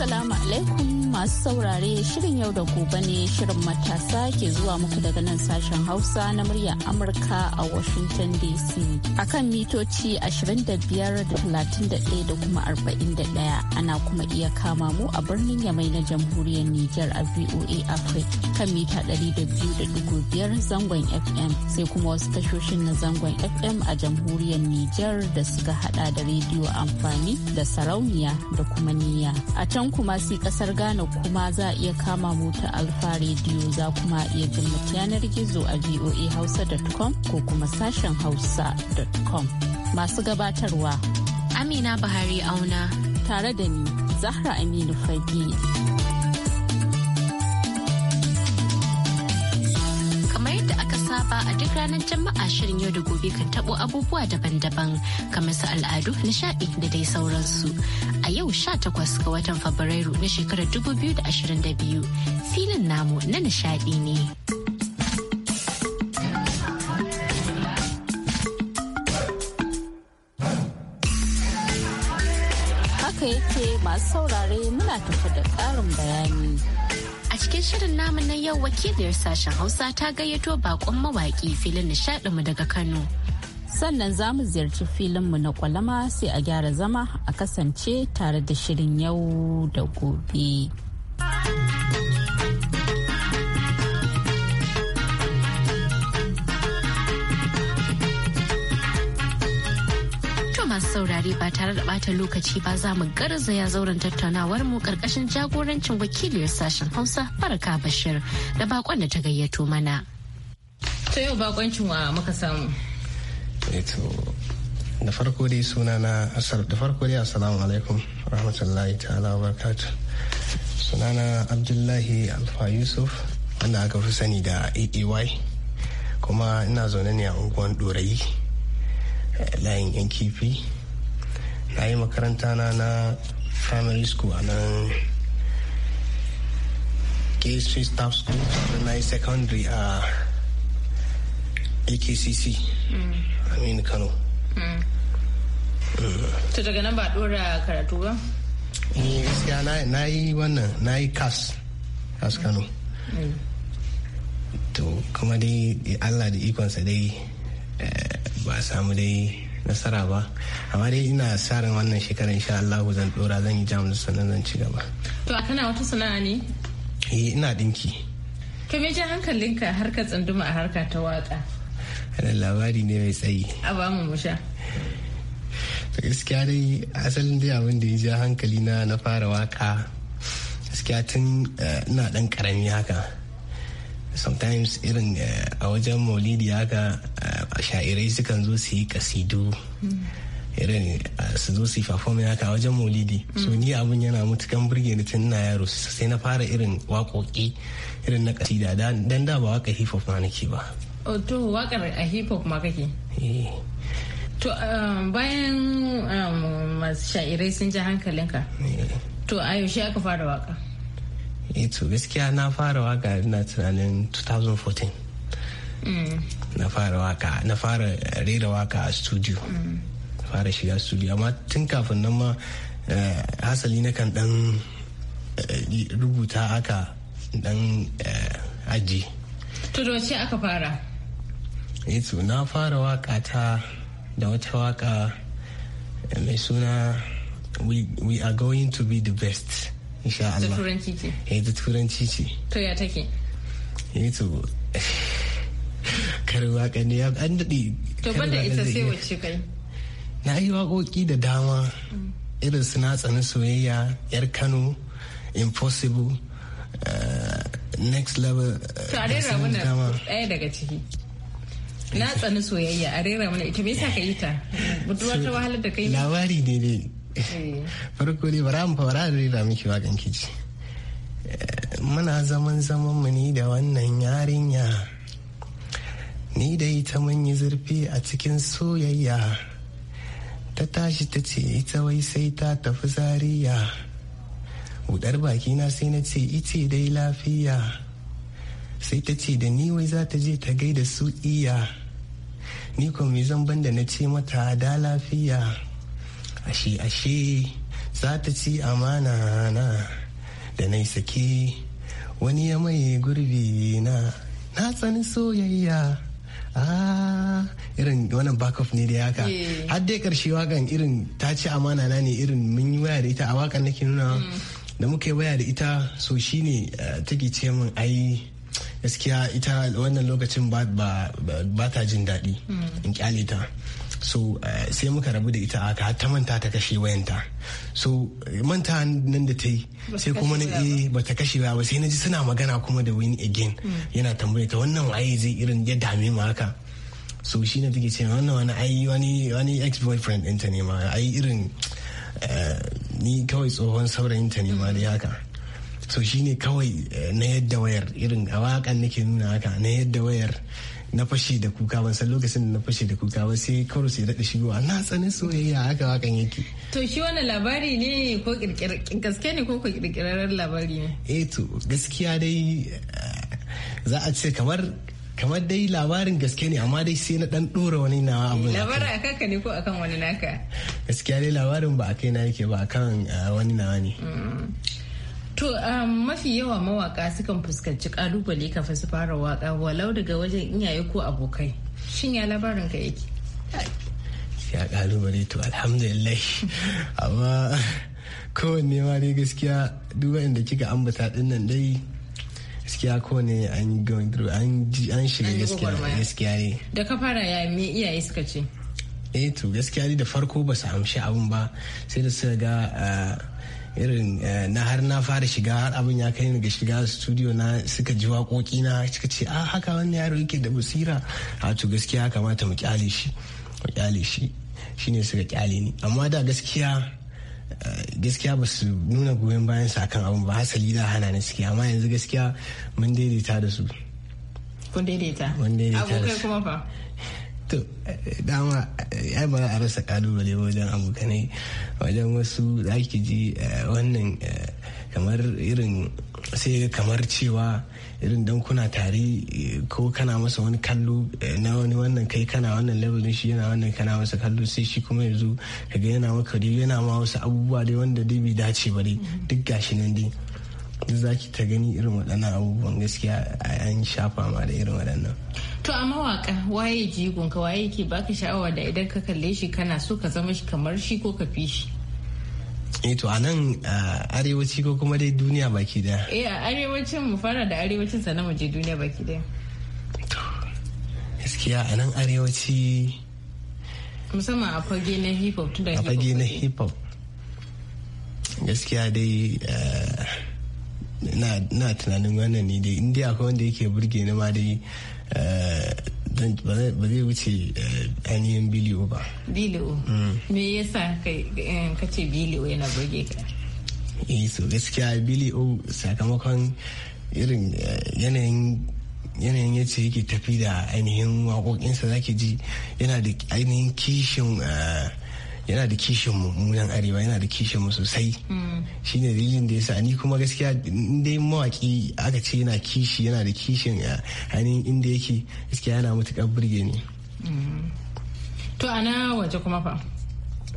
Assalamu alaikum masu saurare shirin yau da gobe ne shirin matasa ke zuwa muku daga nan sashen Hausa na muryar Amurka a Washington DC. a kan mitoci 25.31 da kuma 41 ana kuma iya kama mu a birnin Yamai na jamhuriyar niger a VOA Africa kan mita 200.5 zangon FM sai kuma wasu tashoshin na zangon FM a jamhuriyar niger da suka hada da rediyo amfani da sarauniya da kuma niya A can kuma si kasar Ghana kuma za a iya kama mu ta alfa rediyo za kuma iya jin yanar gizo a voahausa.com ko kuma sashen hausa.com masu gabatarwa amina bahari auna tare da ni zahra aminu fage saba a duk ranar jama'a shirin yau da gobe kan tabo abubuwa daban-daban kamar su al'adu nishaɗi da dai sauransu. A yau sha takwas ga watan Fabrairu na shekarar dubu biyu da da biyu filin namu na nishaɗi ne. Haka yake masu saurare muna tafi da ƙarin bayani. cikin shirin namu na yau wakiliyar sashen Hausa ta gayyato bakon mawaƙi filin nishadinmu daga Kano. Sannan za mu ziyarci filinmu na kwalama sai a gyara zama a kasance tare da shirin yau da gobe. saurare ba tare da bata lokaci ba za mu garzaya zauren tattaunawar mu karkashin jagorancin wakilin sashen Hausa Baraka Bashir da bakon da ta gayyato mana. Ta yau bakoncin wa muka samu. Eto eh da farko dai suna na asar da farko dai assalamu alaikum rahmatullahi ta'ala wa barakatuh. Sunana Abdullahi Alfa Yusuf wanda aka fi sani da AAY kuma ina zaune ne a unguwan Dorayi. Eh, layin yan kifi na yi makaranta na na primary school a nan KSC staff school na yi secondary a akcc mm. aminu kano mm. Mm. to daga nan ba dora karatu ba? ni eh, gaskiya na yi wannan na yi kas kas kano to kuma dai allah da ikonsa dai eh, ba samu dai nasara ba amma dai ina tsarin wannan shekarar insha Allah zan dora zan yi jamus sannan zan ci gaba to a kana wata sana'a ne eh ina dinki ka me ji hankalinka har ka tsunduma a harka ta waka ana labari ne mai tsayi a ba mu musha gaskiya dai asalin dai abin da ya ji hankali na na fara waka gaskiya tun eh, ina dan karami haka sometimes irin eh, a wajen maulidi haka eh, sha'irai sukan zo su yi kasidu irin su zo su yi performing haka wajen maulidi so ni abin yana mutukan burge ni tun na yaro sai na fara irin waƙoƙi irin na kasida dan da ba waka hip hop ma nake ba oh, to wakar a hip hop ma kake eh. to um, bayan um, masu sha'irai sun ji hankalinka eh. to a yaushe aka fara waka eh to gaskiya na fara waka ina tunanin 2014 na fara waka na fara rera waka a studio fara shiga studio amma tun kafin nan ma eh, hasali na kan dan eh, rubuta aka dan eh, aji to da wace aka fara yato na fara waka ta da wata waka mai suna we are going to be the best insha Allah da turanci ce eh da turanci ce to ya take yato karin waka ne an daɗe to banda ita sai wacce kai na yi waƙoƙi da dama irin su na tsani soyayya yar kano impossible eh, next level eh, to a rera mana ɗaya daga ciki na tsani soyayya a rera mana ita me yasa ka yi ta budurwa ta wahalar da kai labari ne ne eh. farko ne bara mu fara rera miki waƙan kici muna zaman zaman mu ni da wannan yarinya ni da ita mun yi zurfi a cikin soyayya ta tashi ta ce ita wai sai ta tafi zariya budar bakina sai na ce ice dai lafiya sai ta ce da ni wai za ta je ta gaida su iya ni kuma mai zan banda na ce mata da lafiya ashe ashe za ta ci amana na da na sake wani ya maye gurbi na na tsani soyayya Ah, irin wannan backup ne da haka eh. har dai karshe wakan irin ta ce amana na ne irin mun yi waya da ita a wakan nake nuna mm. da muka yi waya da ita so shine eh, take ce min ai gaskiya ita wannan lokacin ba ta jin daɗi mm. in kyale ta so eh, sai muka rabu da ita aka har ta manta ta kashe wayanta so manta nan da ta yi sai kuma na eh ba ta kashe ba sai na ji suna magana kuma da wani again hmm. yana tambaya ta wannan waye zai irin ya dame mu haka so shi ne take ce wannan wani ai wani wani ex boyfriend ɗinta ne ma ai irin eh, ni kawai tsohon saurayin ta ne ma da haka so shi ne kawai eh, na yadda wayar irin a wakan nake nuna haka na yadda wayar na fashi da kuka ban san lokacin da na fashi da kuka ba sai kawai sai daɗa shigowa na tsanin soyayya haka wakan yake. To shi wani labari ne ko gaske ne ko ko kirkirarren labari ne? Eh to gaskiya dai za a ce kamar kamar dai labarin gaske ne amma dai sai na dan dora wani nawa abu labarin akan ka ne ko akan wani naka gaskiya dai labarin ba a kai na yake ba akan eh, wani nawa ne mm. To um, mafi yawa mawaka sukan fuskanci kalubale kafin su fara waka walau daga wajen iyaye ko abokai. Shin ya labarin ka yake? Ya kalubale to alhamdulillah. Amma kowanne ma dai gaskiya duk inda kika ambata din nan dai gaskiya kowanne an going through an shiga gaskiya gaskiya ne. Da ka fara ya me iyaye suka ce? Eh to gaskiya da farko ba su amshi abun ba sai da suka ga ah, irin eh, na har na fara shiga har abin ya kai ni ga shiga studio na suka ji waƙoƙi na suka ce a ah, haka wani yaro yake da basira a to gaskiya kamata mu kyale shi mu kyale shi shine suka kyale ni amma da gaskiya eh, gaskiya ba su nuna goyon bayan sa kan abin ba hasali da hana ni suke amma yanzu gaskiya mun daidaita da su kun daidaita abokai kuma fa to dama ya ba a rasa kalubale wajen abokanai wajen wasu za ki ji eh, wannan eh, kamar irin sai kamar cewa irin don kuna tare eh, ko kana masa wani kallo na wani wannan kai kana wannan labarin shi yana wannan kana masa kallo sai shi kuma yanzu kaga yana maka dai yana ma wasu abubuwa dai wanda dai bai dace ba duk gashi nan dai za ki ta gani irin waɗannan abubuwan gaskiya an shafa ma da irin waɗannan. To a mawaka waye jigon ka waye ke baka sha'awa da idan ka kalle shi kana so ka zama shi kamar shi ko ka fi shi. Eh to a nan arewaci ko kuma dai duniya baki da. Eh a arewacin mu fara da arewacin sannan mu je duniya baki da. Gaskiya a nan arewaci. Musamman a fage na hip hop hip hop. A fage na hip hop. Gaskiya dai eh, na tunanin wannan ne dai inda akwai wanda yake burge ni ma dai eh, ba zai wuce eh, ainihin biliyo ba biliyo mm. me yasa eh, ka ce biliyo yana burge ka eh so gaskiya biliyo sakamakon irin yanayin yanayin yace yake tafi da ainihin waƙoƙinsa zaki ji yana da ainihin kishin yana da kishin mu munan arewa yana da kishin mu sosai mm. shine dalilin da yasa ni kuma gaskiya dai mawaki aka ce yana kishi yana da kishin eh, a hannun inda yake gaskiya yana matuƙar burge ni mm. to ana waje kuma fa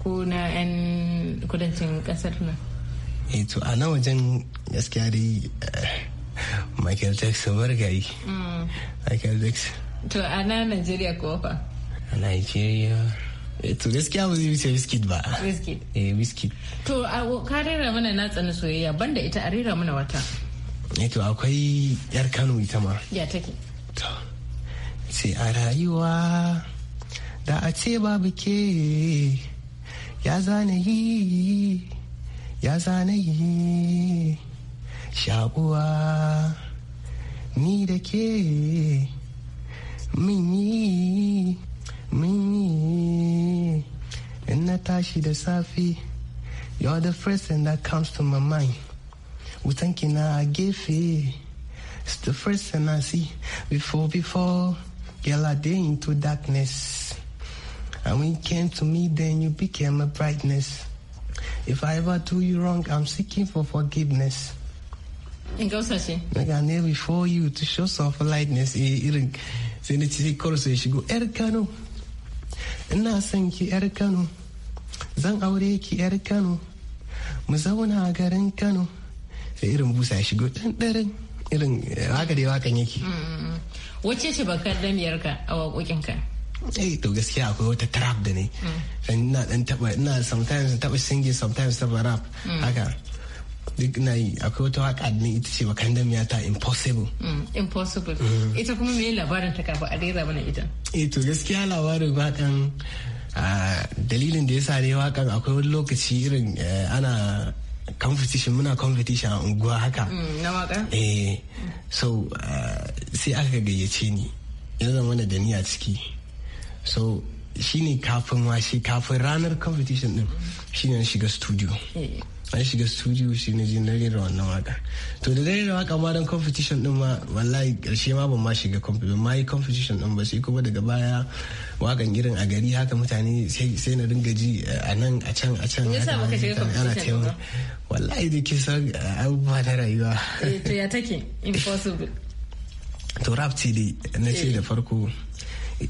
ko na yan kudancin kasar nan eh to ana wajen gaskiya dai eh, Michael Jackson margayi mm. Michael Jackson to ana Najeriya ko fa a Najeriya to gaskiya ba zai wuce biskit ba biskit eh biskit to a ka rera mana na tsana soyayya banda ita a rera mana wata eh to akwai yar Kano ita ma ya take to sai a rayuwa da a ce babu ke ya zane yi ya zane yi shaguwa ni da ke min yi Me and in na tashi you're the first thing that comes to my mind. We I give it. it's the first thing I see. Before, before, girl, I day into darkness. And when you came to me, then you became a brightness. If I ever do you wrong, I'm seeking for forgiveness. And go sashi. Like I need before you to show some lightness. Send it to the chorus. She go, Erika, no. ina son ki yar kano zan aure ki yar kano mu zauna a garin kano sai irin busa ya shigo darin irin eh, haka dai wakan yake mm-hmm. wacce ce bakar damiyar ka a waƙoƙin ka eh to gaskiya akwai wata trap da ne mm. ina dan taba ina sometimes taba singing sometimes taba rap mm. haka duk na yi akwai wata waka ne ita ce ya ta impossible mm, impossible mm. ita kuma me labarin ta kafa a rera mana ita eh to gaskiya labarin kan dalilin da ya sa ne wakan akwai wani lokaci irin eh, ana competition muna competition a unguwa haka mm, na waka eh so sai aka gayyace ni ya zama da ni a ciki so shine kafin washe kafin ranar competition din shine na shiga studio eh. an shiga studio shi na ji na rera wannan waka to da na rera waka ma don competition din ma wallahi karshe ma ban ma shiga competition ma yi competition din ba sai kuma daga baya wakan irin a gari haka mutane sai na dinga ji eh, a nan a can a can ana taimaka wallahi da ke san eh, abubuwa na rayuwa eh, to ya take impossible to rap ce dai na ce da farko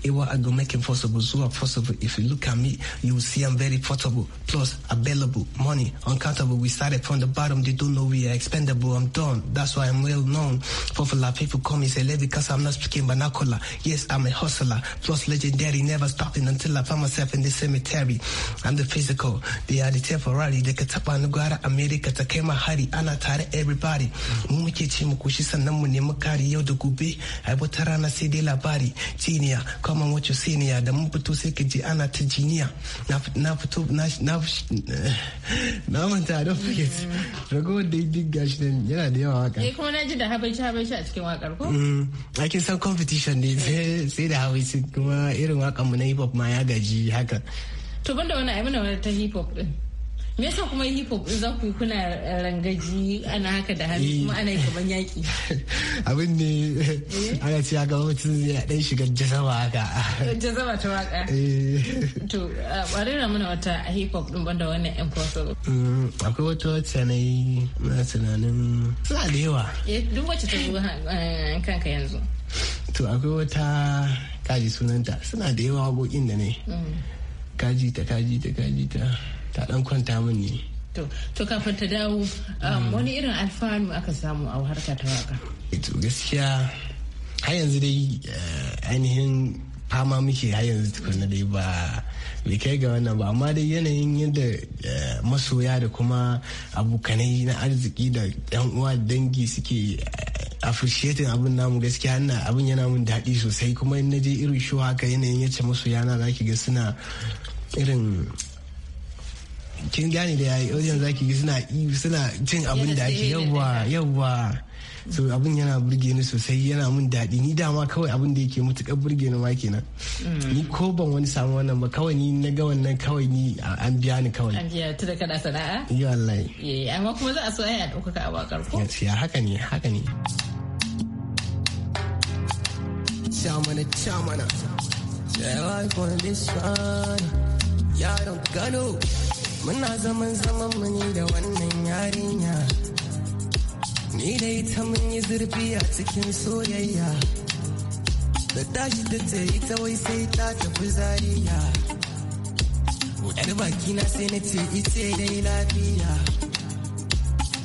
what I go make it possible, so possible. If you look at me, you will see I'm very portable, plus available, money, uncountable. We started from the bottom, they don't know we are expendable. I'm done. That's why I'm well known. For a lot of people call me celebrity because I'm not speaking vernacular. Yes, I'm a hustler, plus legendary, never stopping until I find myself in the cemetery. I'm the physical, they are the temporary, the America, nugara, America, takema hari, anatare everybody. Mumu chimu kushisa namu ne makari yodo da gobe, ai wata rana sai dai labari, kamar wacce siniya da mun fito sai ka ji ana ta jiniya na fito na na manta da forget rago da duk gashi yana da yawa waka eh kuma na ji da habaici habaici a cikin wakar ko ake mm. san competition ne sai da habaici kuma irin wakan mu na hip hop ma ya gaji haka to banda wani abin da wani ta hip hop din me yasa kuma hip hop za ku kuna rangaji ana haka da hannu eh. kuma ana kaman yaki abin ne eh. ana ce ga mutum zai dan shiga jazama haka jazama ta waka eh. to na mana wata hip hop din banda wannan impossible mm, akwai wata wata na yi na tunanin suna da yawa duk wacce ta zo kanka yanzu to akwai wata kaji sunanta suna da yawa waƙoƙin da ne mm. kaji ta kaji ta kaji ta ta dan kwanta min ne to kafin ta dawo um, mm. wani irin alfanu aka samu a harka ta waka to gaskiya har yanzu dai eh, ainihin fama muke har yanzu tukuna dai ba bai kai ga wannan ba amma dai yanayin yadda eh, masoya da kuma abokanai na arziki da yan uwa dangi suke eh, appreciating abin namu gaskiya na abin yana mun daɗi sosai kuma in naje irin show haka yanayin yace masoya na zaki ga suna irin kin gane da yayi audience zaki ga suna suna cin abin da ake yawwa yawwa so abin yana burge ni sosai yana mun daɗi ni dama kawai abin da yake mutukar burge ni ma kenan ni ko ban wani samu wannan ba kawai ni na ga wannan kawai ni an biya ni kawai an biya tu da kada sana'a yi wallahi amma kuma za a so ai a dauka a bakar ko gaskiya haka ne haka ne Chamana, chamana. Yeah, I of this one. Yeah, I don't got no. muna zaman zaman muni da wannan yarinya ni da ita mun yi zurfi a cikin soyayya da tashi ta yi ita wai sai ta tafi zariya yar baki na sai na ce ice dai lafiya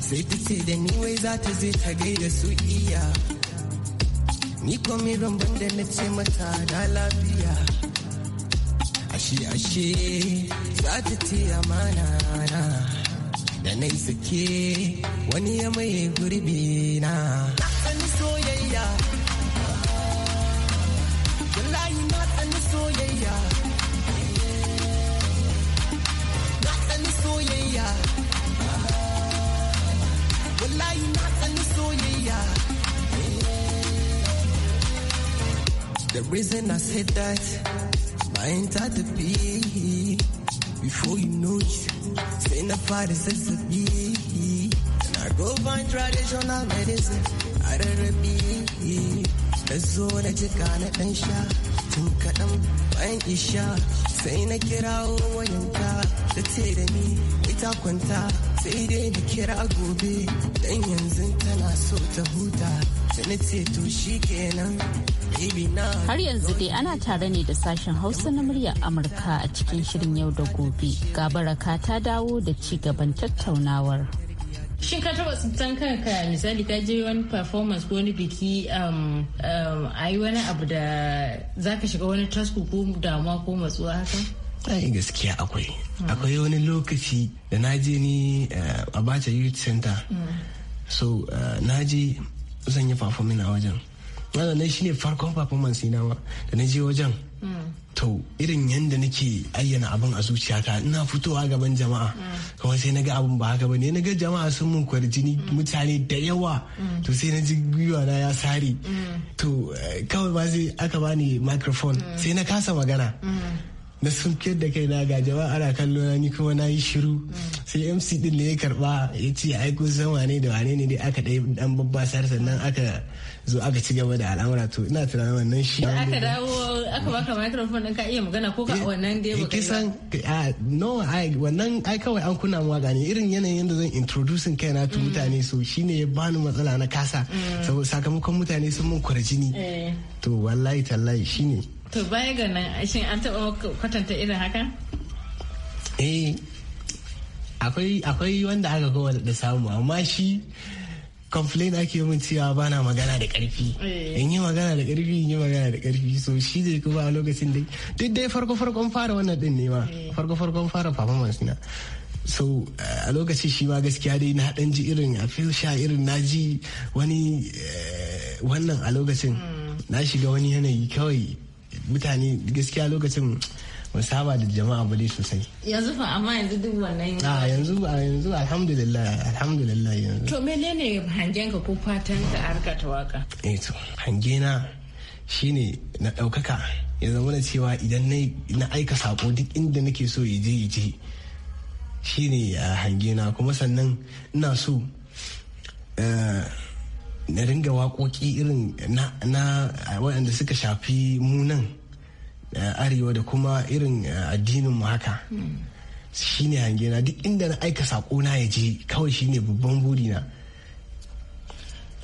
sai ta ce da ni wai za ta je ta gaida su iya ni komai ban da na ce mata da lafiya ashe ashe za ta ce amana na da nai sake wani ya mai gurbi na tsani soyayya wallahi na tsani soyayya na tsani soyayya wallahi na tsani soyayya The reason I said that bayan ta tafi before you know it sai na fara zazzabi na go find traditional medicine a rarrabi da zo na jika na dan sha tun kaɗan bayan isha sai na kirawo wayanka ta ce da ni ita kwanta sai dai da kira gobe dan yanzu tana so ta huta tana ce to shi kenan Har yanzu dai ana tare ne da sashen Hausa na muryar Amurka a cikin shirin yau da gobe. Ga baraka ta dawo da ci gaban tattaunawar. Shin ka taba tsintan kanka misali ka je wani performance ko wani biki um, um, a yi wani abu da za ka shiga wani tasku ko damuwa ko matsuwa haka? ai gaskiya akwai akwai wani lokaci da na je ni eh, a youth center so eh, na je zan yi performing a wajen wannan shi ne farkon performance na ma da na je wajen to irin yadda nake ayyana abin a zuciyata ina fitowa gaban jama'a kawai sai na ga abin ba haka bane na ga jama'a sun mun kwarjini mutane da yawa to sai na ji gwiwa na ya sare to eh, kawai ba sai aka bani microphone sai na kasa magana na sunkiyar da kai na ga jama'a ana kallo na ni kuma na yi shiru sai mc din ne ya karba ya ce ai kun san wane da wane ne dai aka dai dan babbasar sannan aka zo aka ci gaba da al'amura to ina tunanin wannan shi aka dawo aka baka microphone din ka iya magana ko ka wannan dai baka kisan no ai wannan ai kawai an kuna mu waka irin yanayin yanda zan introducing kaina to mutane so shine ya bani matsala na kasa mm. saboda sakamakon mutane sun mun kwarjini eh. to wallahi tallahi shine to baya ga nan shin an taɓa kwatanta irin haka eh akwai akwai wanda aka kowa da samu amma shi complain ake min cewa ba na magana da karfi eh. in yi magana da karfi in yi magana da karfi so shi zai kuma a lokacin dai duk dai farko farkon fara wannan din ne ma eh. farko farkon fara performance na so a lokacin shi ma gaskiya dai na dan ji irin a sha irin na ji wani eh, wannan a lokacin mm. na shiga wani yanayi kawai mutane gaskiya lokacin ba saba da jama'a ba dai sosai yanzu fa amma yanzu duk wannan a yanzu a yanzu alhamdulillah alhamdulillah yanzu to menene hangen ka ko fatan ka harka ta waka eh to hangena shine na daukaka ya zama na cewa idan na aika sako duk inda nake so ya je ya je shine hangena kuma sannan ina so na ringa waƙoƙi irin na waɗanda suka shafi munan arewa da kuma irin addinin mu haka shine hange na duk inda na aika sako na ya je kawai shine babban burina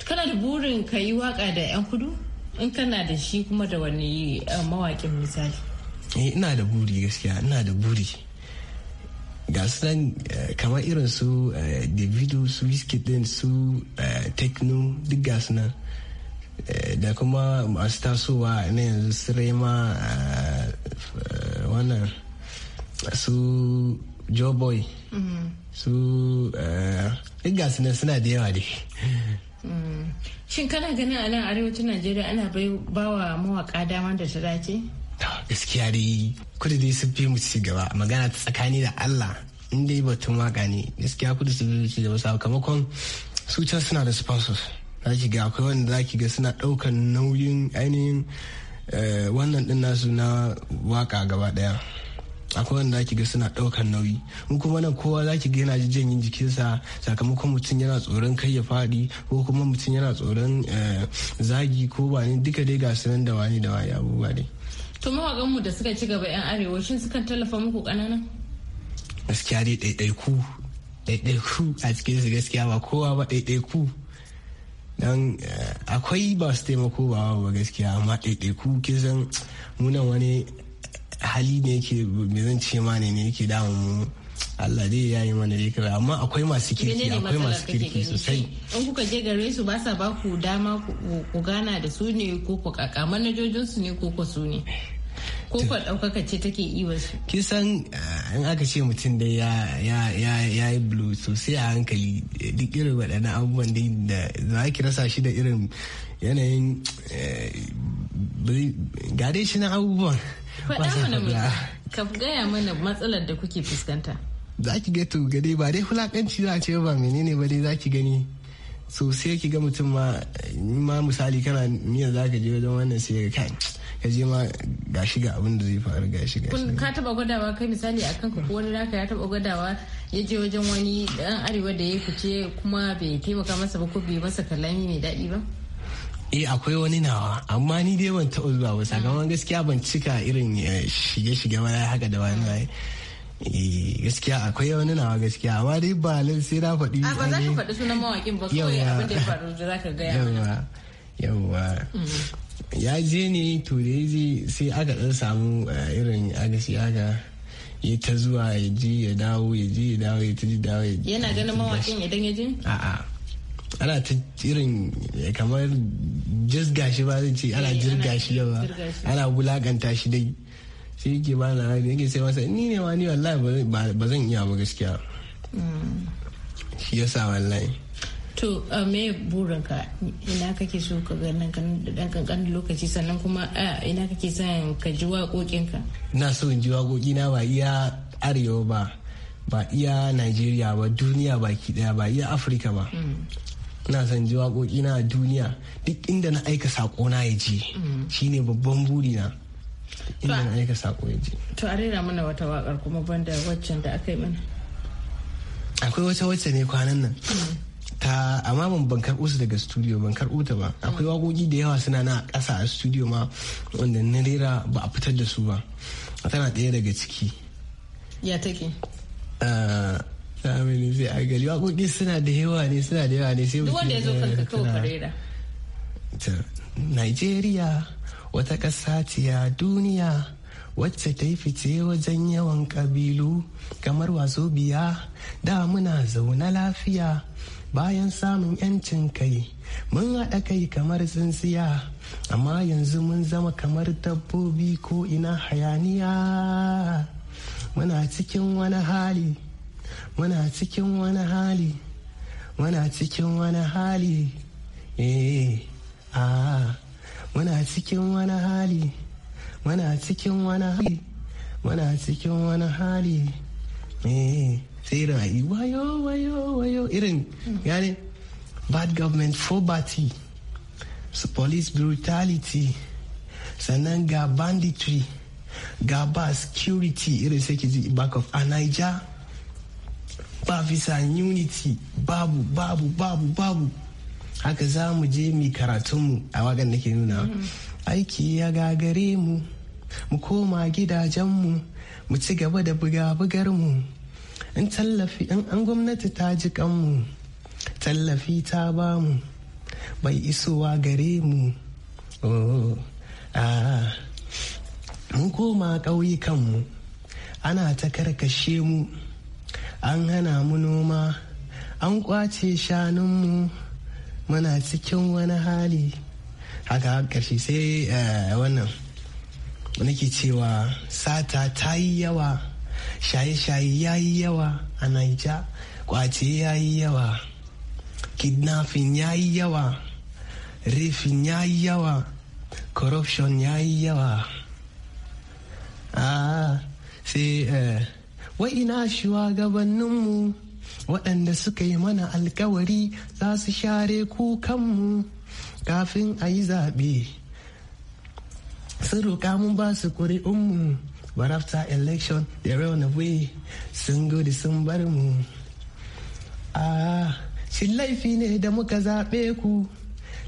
kana da burin ka yi waka da 'yan kudu in kana da shi kuma da wani mawakin misali eh, ina da buri gaskiya ina da buri ga su nan eh, kamar irin su eh, davido su biskit din su tekno duk ga su Eh, da kuma masu tasowa ne yanzu su rema eh, wannan su joboy mm-hmm. su eh, gasu ne suna da yawa dai mm-hmm. shin kana ganin a nan arewacin najeriya ana bai bawa mawaka dama da ta dace gaskiya dai kudu dai sun fi mu ci gaba magana ta tsakani da allah in dai batun waka ne gaskiya kudu sun fi mu ci gaba sakamakon su can suna da sponsors za ki ga akwai wanda za ki ga suna ɗaukan nauyin ainihin eh, wannan ɗin nasu na waka gaba ɗaya akwai wanda zaki ga suna ɗaukan nauyi mu kuma nan kowa zaki ga yana jin yin jikinsa sakamakon mutum yana tsoron kai ya faɗi ko kuma mutum yana tsoron eh, zagi ko wani duka dai ga sunan da wani da wani abubuwa dai to mawaƙan mu da suka ci gaba yan arewa shin sukan tallafa muku ƙananan gaskiya dai ɗaiɗaiku ɗaiɗaiku a cikin su gaskiya ba kowa ba ɗaiɗaiku dan eh, akwai ba su taimako ba ba gaskiya amma ɗaiɗaiku kisan san munan wani hali ne yake me zan ce ma ne ne yake damu mu Allah dai ya yi mana dai kawai amma akwai masu kirki akwai masu kirki sosai. In kuka je gare su ba sa ba ku dama ku gana da su ne ko ku kaka manajojin su ne ko ku su ne. kofar ɗaukaka ce take yi wasu kin san eh, in aka ce mutum da ya ya yi blue sosai a hankali duk irin waɗannan abubuwan da za ki rasa shi da irin yanayin eh, gare shi na abubuwan faɗa mana ka gaya mana matsalar da kuke fuskanta za ki ga to gade ba dai hulakanci za a ce ba menene ba dai za ki gani so sai ki ga mutum ma ma misali kana niyyar za ka je wajen wannan sai ka kai ka je ma gashi ga abin da zai faru gashi gashi ka taba gwadawa kai misali akan ka wani naka ya taba gwadawa ya je wajen wani dan arewa da ya fice kuma bai taimaka masa ba ko bai masa kalami mai daɗi ba eh akwai wani nawa amma ni dai ban taɓa zuwa ba sakamakon gaskiya ban cika irin eh, shige-shige ba haka da wani Eh, gaskiya akwai wani nawa gaskiya amma dai ba sai na faɗi ah, ba za ka faɗi sunan mawaƙin ba kawai abin da ya faru da za ka gaya mana yawa ya je ne to da ya je sai aka ɗan samu eh, irin agashi aka ya ta zuwa ya ji ya dawo ya ji ya dawo ya ta ji dawo yana ganin mawaƙin idan ya ji a'a ana ta irin eh, kamar jizga shi ba zan ce ana jirga shi yawa ana wulakanta shi dai sai yake ba hari yake sai masa ni ne wani ni wallahi ba zan iya ba gaskiya shi yasa wallahi to uh, me ka ina kake so ka ga nan dan kankan lokaci sannan kuma uh, ina kake son ka ji ka. ina so in ji na ba iya arewa ba ba iya nigeria ba duniya baki daya ba iya Afirka ba mm. na son ji waƙoƙi na duniya duk inda na aika na ya je mm. shine babban burina inda na aika sako ya je to a rera mana wata wakar kuma banda waccan da aka yi mana akwai wata wacce ne kwanan nan ta amma ban ban karɓo su daga studio ban karɓo ta ba akwai mm. waƙoƙi da yawa suna na ƙasa a studio ma wanda na rera ba a fitar da su ba tana ɗaya daga ciki ya take Samini ah, sai a gari waƙoƙi suna da yawa ne suna da yawa ne sai wanda ya zo kanka kawai ka rera Nigeria wata ƙasa ciya duniya wacce ta yi fice wajen yawan ƙabilu kamar wazobia biya da muna zaune lafiya bayan samun 'yancin kai mun haɗa kai kamar tsintsiya amma yanzu mun zama kamar dabbobi ko ina hayaniya muna cikin wani hali muna cikin wani hali muna cikin wani hali eh a ah. muna cikin wani hali muna cikin wani hali muna cikin wani hali eh sai rayu wayo wayo wayo irin yani bad government poverty su police brutality sannan ga banditry ga ba security irin sai ki ji back of a niger ba visa unity babu babu babu babu haka za mu je mu mu. a wagan nake nuna mm. aiki ya gagare mu mu koma gidajen mu mu ci gaba da buga bugar mu in tallafi an gwamnati ta ji kanmu tallafi ta ba mu bai isowa gare mu oh, ah. mun koma ƙauyukanmu ana ta karkashe mu an hana mu noma an kwace shanun mu. muna cikin wani hali haka karshe sai eh, wannan nake cewa sata ta yi yawa shaye-shaye ya yi yawa a naija kwace ya yi yawa kidnapping ya yi yawa rifin ya yi yawa corruption ya yi yawa ah sai eh, wa'ina mu. waɗanda suka yi mana alkawari za su share kukanmu kafin a yi zaɓe sun roƙa mun ba su ƙuri'unmu but after election the run away sun gudu sun bar mu ah shi laifi ne da muka zaɓe ku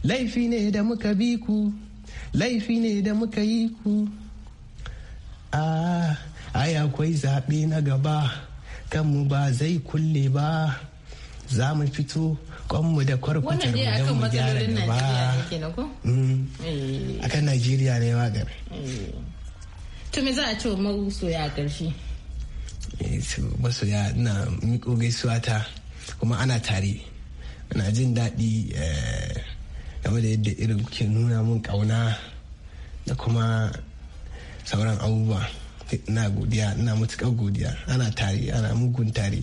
laifi ne da muka bi ku laifi ne da muka yi ku ah, ai akwai zaɓe na gaba kanmu ba zai kulle ba za mu fito kwanmu da kwarkutar mu don mu gyara da ba a kan najeriya ne mm. eh. gari eh. to me za a ce masoya karshe eh, masoya na miko gaisuwa ta kuma ana tare ana jin daɗi game da yadda irin kuke nuna mun ƙauna da kuma sauran abubuwa ina godiya ina matukar godiya ana tare ana mugun tare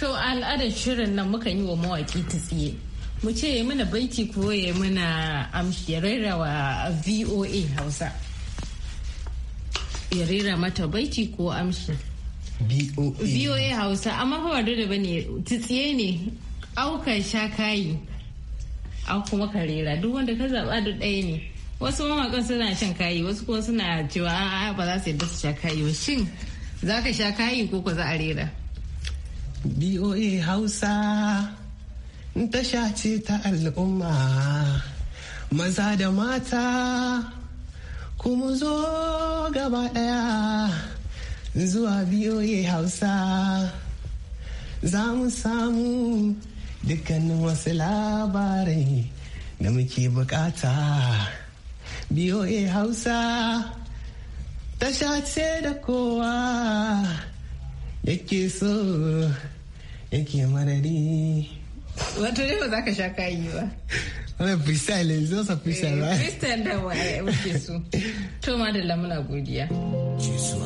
to al'adar shirin nan muka yi wa mawaki ta tsiye mu ce ya mana baiti ko ya mana amshi ya rera wa voa hausa ya rera mata baiti ko amshi voa hausa amma fa da bane ta tsaye ne auka sha kayi au kuma ka rera duk wanda ka zaba da ɗaya ne wasu mamakon suna shan kayi wasu kuma suna cewa a'a ba za su yadda su sha kayi ba shin za ka sha kayi ko ku za a rera boa hausa tasha ce ta al'umma maza da mata kuma zo gaba daya zuwa boa hausa za mu samu dukkanin wasu labarai da muke bukata. BOA Hausa tasha ce da kowa yake so yake marari. Wato ne ba za ka sha kayi ba. Wani freestyle ne, zo sa freestyle ba. Eh, freestyle da wa wuce eh, su. To ma da lamuna godiya. Jesu,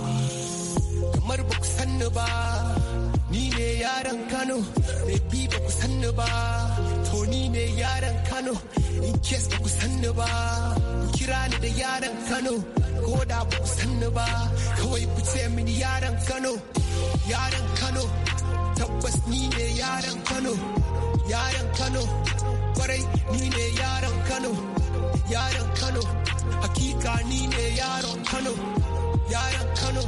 kamar ba ku sanni ba. yaran Kano me bi ba ku sanni ba to ni ne yaran Kano in kes ba ku sanni ba ku kira ni da yaran Kano ko da ba ku sanni ba kawai ku ce mini yaran Kano yaran Kano tabbas ni ne yaran Kano yaran Kano kwarai ni ne yaran Kano yaran Kano hakika ni ne yaran Kano yaran Kano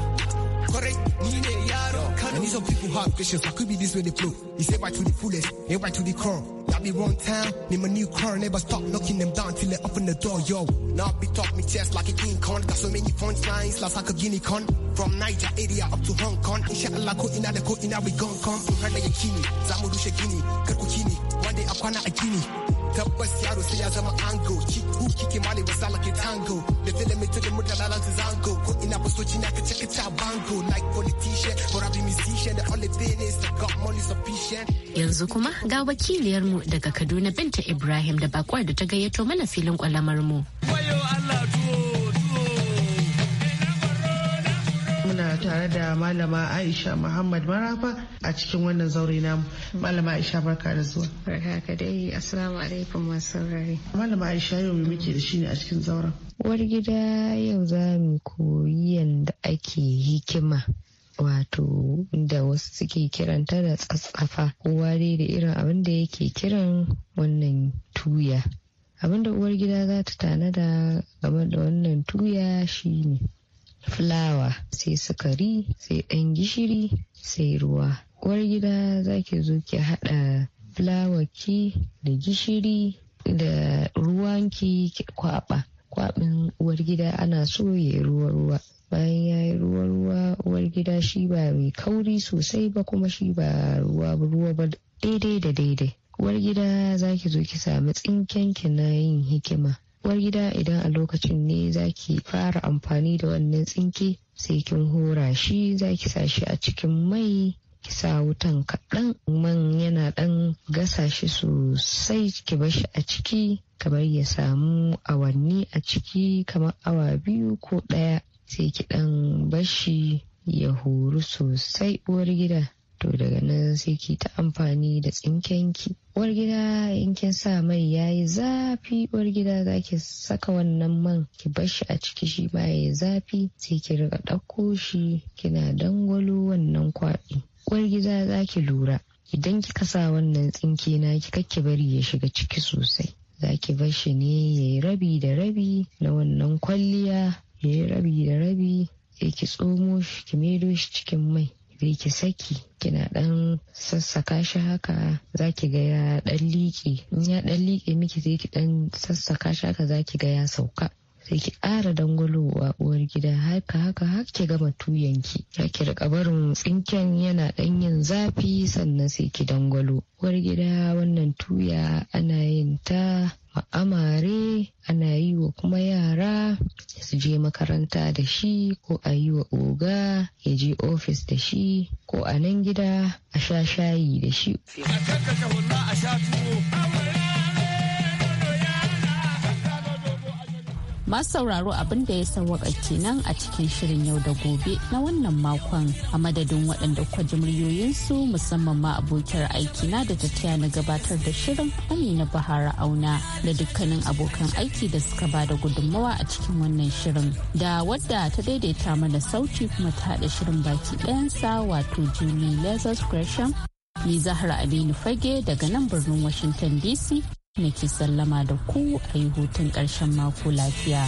kwarai I need some people who have questions. I could be this way they flow. It's everybody to the fullest, everybody to the core. I be one time name my new car, never stop knocking them down till they open the door, yo. Now I be top me chest like a king con. Got so many punch lines, like a guinea con. From Niger area up to Hong Kong. Inshallah, go ina de ko ina we gon' come. Uhana yakini, zamuru shakini, kakukini. One day akwana akini. tabbas yaro sai ya zama ango ki ku kike mali was like a tango They da tele mai tele murda lalata zango ko ina fasoci na kace kace bango like be musician. The only thing is got money sufficient. Yanzu kuma ga wakiliyarmu daga Kaduna Binta Ibrahim da bakwai da ta gayyato mana filin kwalamar mu. muna tare da malama aisha muhammad marafa a cikin wannan zaure namu malama aisha barka da zuwa barka ka dai assalamu alaikum masu rari malama aisha yau mai muke da shi ne a cikin zauren uwar gida yau za mu koyi yadda ake hikima wato da wasu suke kiranta da tsatsafa kowa dai da irin abin da yake kiran wannan tuya abin da uwar gida za ta tanada game da wannan tuya shine fulawa sai sukari sai ɗan gishiri sai ruwa uwar gida za ki zo ki haɗa fulawarki da gishiri da ruwanki ki kwaɓa kwaɓin uwar gida ana so ya yi ruwa-ruwa bayan ya yi ruwa-ruwa uwar gida shi ba mai kauri sosai ba kuma shi ba ruwa-ruwa ba daidai da daidai uwar gida za ki zo ki sami ki na yin hikima uwar gida idan a lokacin ne za ki fara amfani da wannan tsinke sai kin hora shi za ki sa shi a cikin mai ki sa wutan kaɗan man yana ɗan gasa shi sosai ki bar shi a ciki kamar ya samu awanni a ciki kamar awa biyu ko ɗaya sai ki ɗan bashi ya horu sosai uwar gida to daga nan sai ki ta amfani da tsinkenki uwar gida in kin sa mai yayi zafi uwar gida za ki saka wannan man ki bashi a ciki shi ma yayi zafi sai ki riga ɗauko shi kina dangwalo wannan kwaɗi. uwar gida za ki lura idan kika sa wannan tsinke na ki bari ya shiga ciki sosai za ki bar shi ne ya yi rabi da rabi na wannan kwalliya ya yi rabi da rabi sai ki tsomo shi ki maido shi cikin mai sai ki saki kina dan sassaka shi haka za ki ga ya dan liƙe in ya dan liƙe miki sai ki dan sassaka shi haka za ki ga ya sauka sai ki ƙara dangwalowa uwar gida haka haka har ki gama tuyanki ya ki rika barin tsinken yana ɗan yin zafi sannan sai ki dangwalo uwar gida wannan tuya ana yin ta ma'amare ana yi wa kuma yara su je makaranta da shi ko a yi wa oga ya je ofis da shi ko a nan gida a sha shayi da shi. masu sauraro abin da ya sawaka kenan a cikin shirin yau da gobe na wannan makon a madadin waɗanda kwaji muryoyinsu musamman ma abokiyar aiki na da ta na gabatar da shirin amina bahara auna da dukkanin abokan aiki da suka ba da gudummawa a cikin wannan shirin da wadda ta daidaita mana sauti kuma ta haɗa shirin baki ɗayansa wato jimmy lazarus gresham ni zahra aminu fage daga nan birnin washington dc nake sallama da ku a yi hutun ƙarshen mako lafiya.